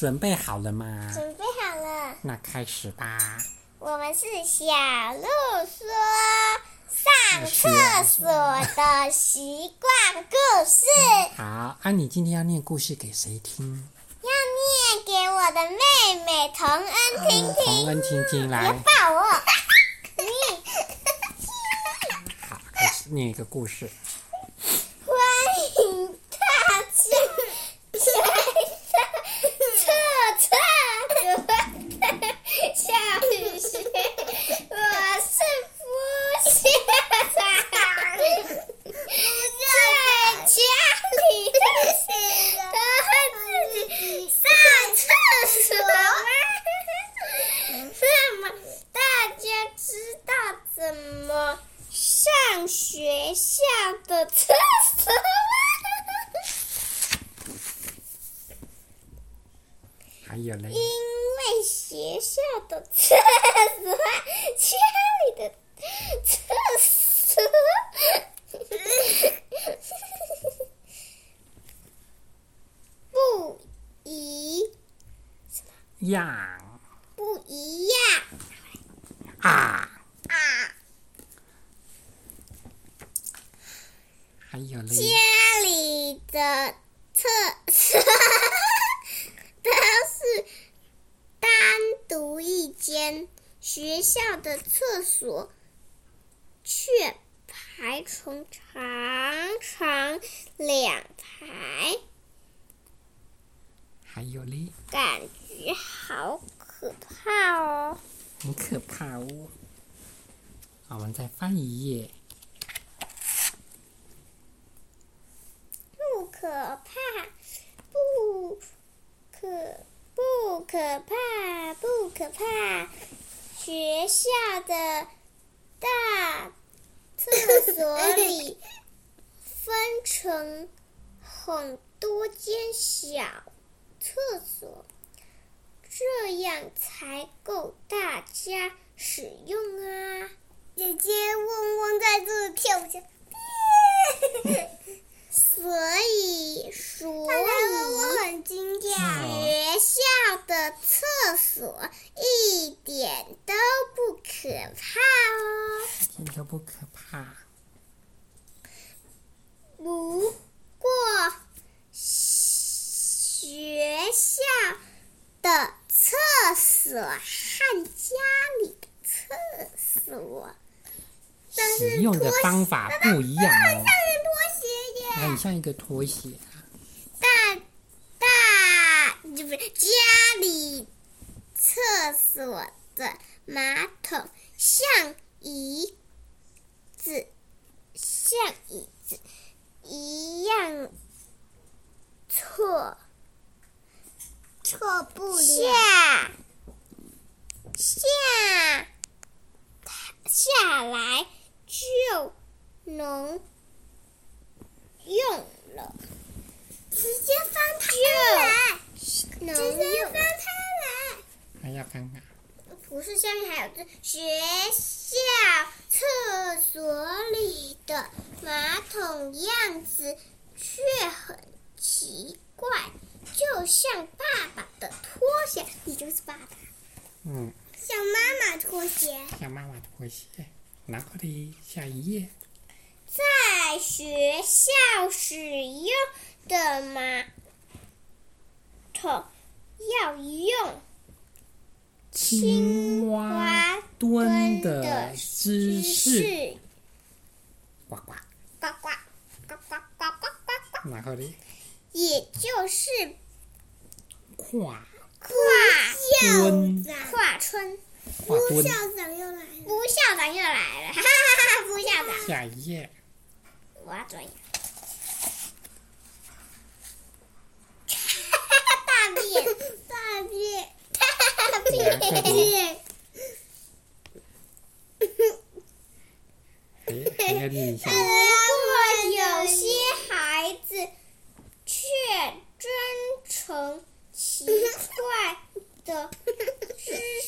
準備好了嗎？準備好了。那開始吧。我們是小鹿說上廁所的習慣故事。 好，那、啊、你今天要念故事給誰聽？要念給我的妹妹童恩聽聽。童、嗯、恩聽聽，來。別抱我。好，開始念一個故事。因為學校的廁所，家裡的廁所不一樣，不一樣啊啊！家裡的廁所。 學校的廁所，卻排成長長兩排。還有嘞，感覺好可怕哦！很可怕哦。我們再翻一頁。不可怕，不可，不可，不可怕，不可怕。學校的大廁所裡分成很多間小廁所，這樣才夠大家使用啊！姐姐嗡嗡在這跳舞，所以，所以，學校的廁所。可怕。不過，學校的廁所和家裡的廁所，但是拖鞋使用的方法不一樣哦。啊、像個、啊、像一個拖鞋。大，大，就不是家裡廁所的馬桶像一。來就能用了，直接放就來，直接放它來，還要看看？不是，下面還有字。這學校廁所裡的馬桶樣子却很奇怪，就像爸爸的拖鞋，你就是爸爸。嗯，媽媽像媽媽拖鞋，像媽媽拖鞋。拿塊的下一頁？在學校使用的馬桶要用青蛙蹲的姿勢，呱呱呱呱呱呱呱呱呱。呱也就是跨跨蹲跨春。吳校長又來了！吳校長又來了！哈哈哈哈！吳校長。下一頁。我要轉眼 大便，大便，大便，大便。不過有些孩子卻真誠奇怪的知。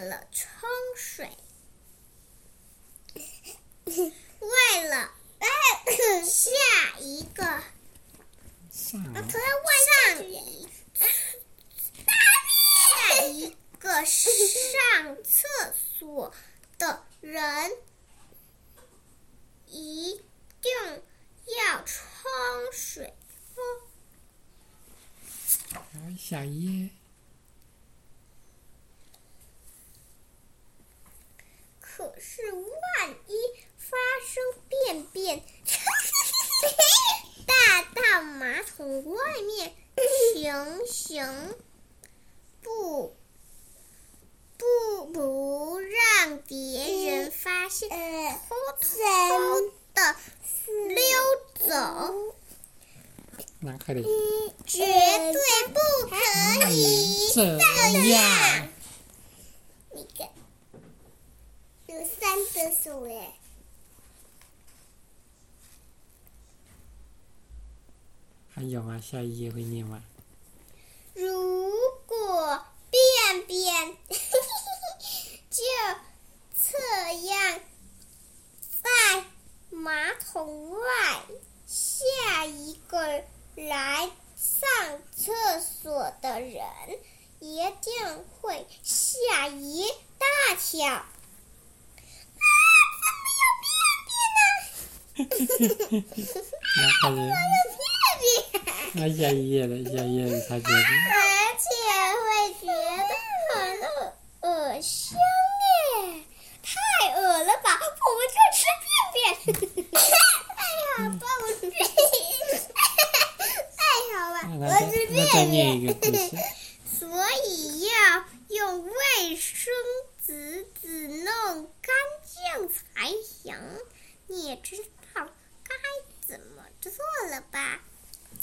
了沖水，為了 下一個，下一個上廁所的人， 一定要沖水。小一。 是萬一發生便便，大到馬桶外面，熊熊不不不讓別人發現，偷偷的溜走絕，絕對不可以這樣。有下一，如果便便 就這樣在馬桶外，下一個來上廁所的人，一定會嚇一大跳。啊，怎麼有便便呢？人 而且也會覺得，而且會覺得很惡噁心耶，太惡了吧？我們就吃便便， 太好了，我吃太好了吧，哎、呀我吃便便。哎、 所以要用衛生紙紙弄乾淨才行，你也知道該怎麼做了吧？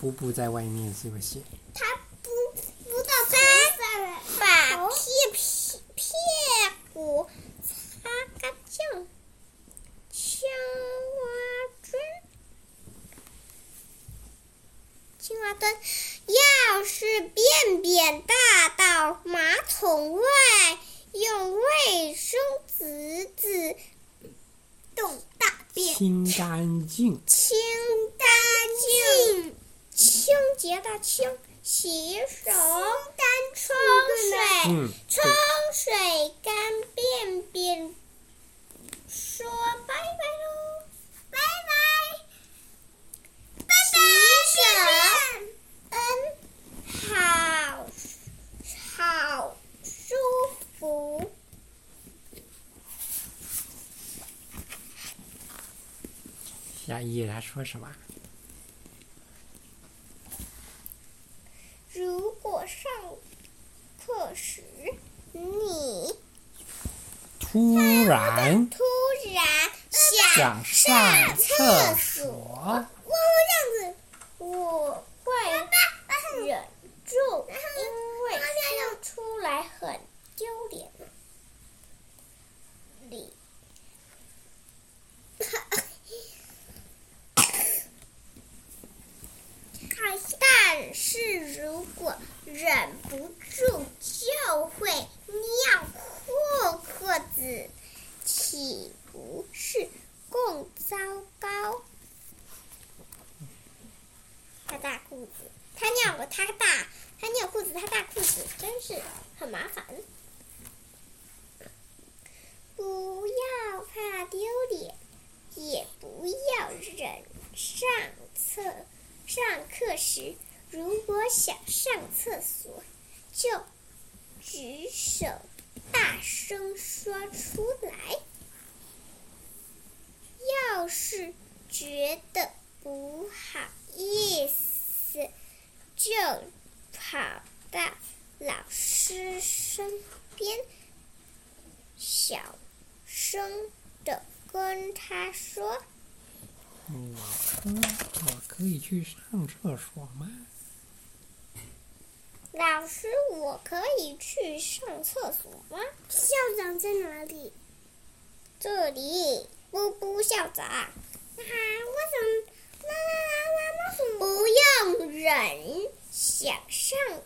補補不他到山，把屁屁屁股擦乾淨。青蛙蹲，青蛙蹲，要是便便大到馬桶外，用衛生紙紙清乾淨。別大清，洗手乾沖水，嗯、沖水乾便便，說拜拜嘍，拜拜，拜拜，洗手，便便嗯，好好舒服，下一，來說什麼？突然想上廁所。大褲子真是很麻煩，不要怕丟臉，也不要忍上課。上廁上課時，如果想上廁所，就舉手，大聲說出來。要是覺得不好意思，就跑。老，老師身邊，小聲的跟他說：“我說我老師，我可以去上廁所嗎？”老師，我可以去上廁所嗎？校長在哪裡？這裡，不不校長、啊。我怎麼？媽媽媽媽媽不用忍，想上。小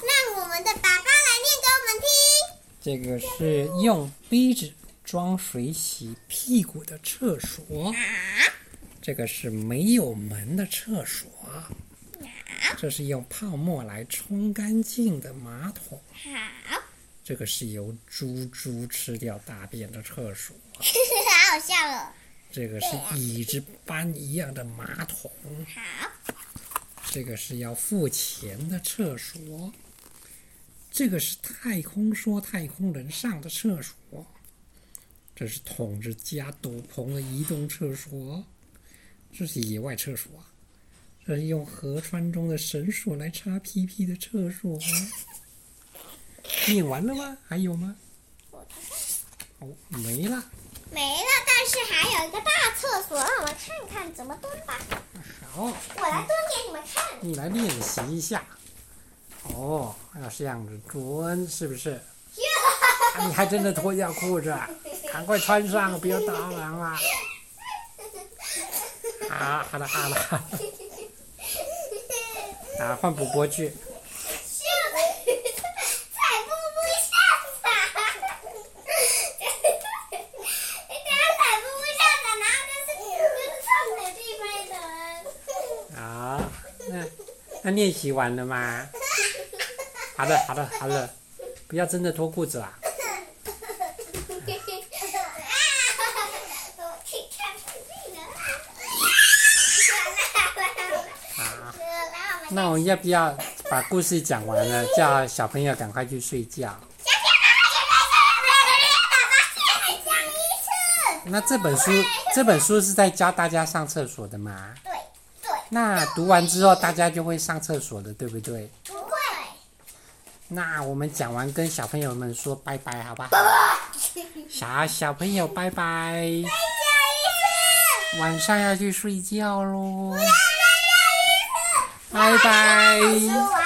讓我們的爸爸來念給我們聽。這個是用杯子裝水洗屁股的廁所。好。這個是沒有門的廁所。好。這是用泡沫來沖乾淨的馬桶。好。這個是由豬豬吃掉大便的廁所。哈哈，好笑哦。這個是椅子般一樣的馬桶。好。這個是要付錢的廁所。這個是太空梭太空人上的廁所，這是統治加斗篷的移動廁所，這是野外廁所，這是用河川中的神樹來擦屁屁的廁所。你完了嗎？還有嗎？哦，沒了。沒了，但是還有一個大廁所，讓我看看怎麼蹲吧。好，我來蹲給你們看。你來練習一下。哦，要這樣子蹲是不是，啊？你還真的脫掉褲子，趕快穿上，不要打人 啊好了好了好了，啊，換補寶去。踩不下去，人家踩不下去，拿的是你們是唱水這一派的。啊， 啊那那練習完了嗎？好的，好的，好了，不要真的脫褲子啦！ 啊！那我們要不要把故事講完了，叫小朋友趕快去睡覺？ 那這本書，這本書是在教大家上廁所的嗎？對對。那讀完之後，大家就會上廁所的，對不對？那我們講完，跟小朋友們說拜拜，好吧？小小朋友拜拜。晚上要去睡覺嘍。拜拜。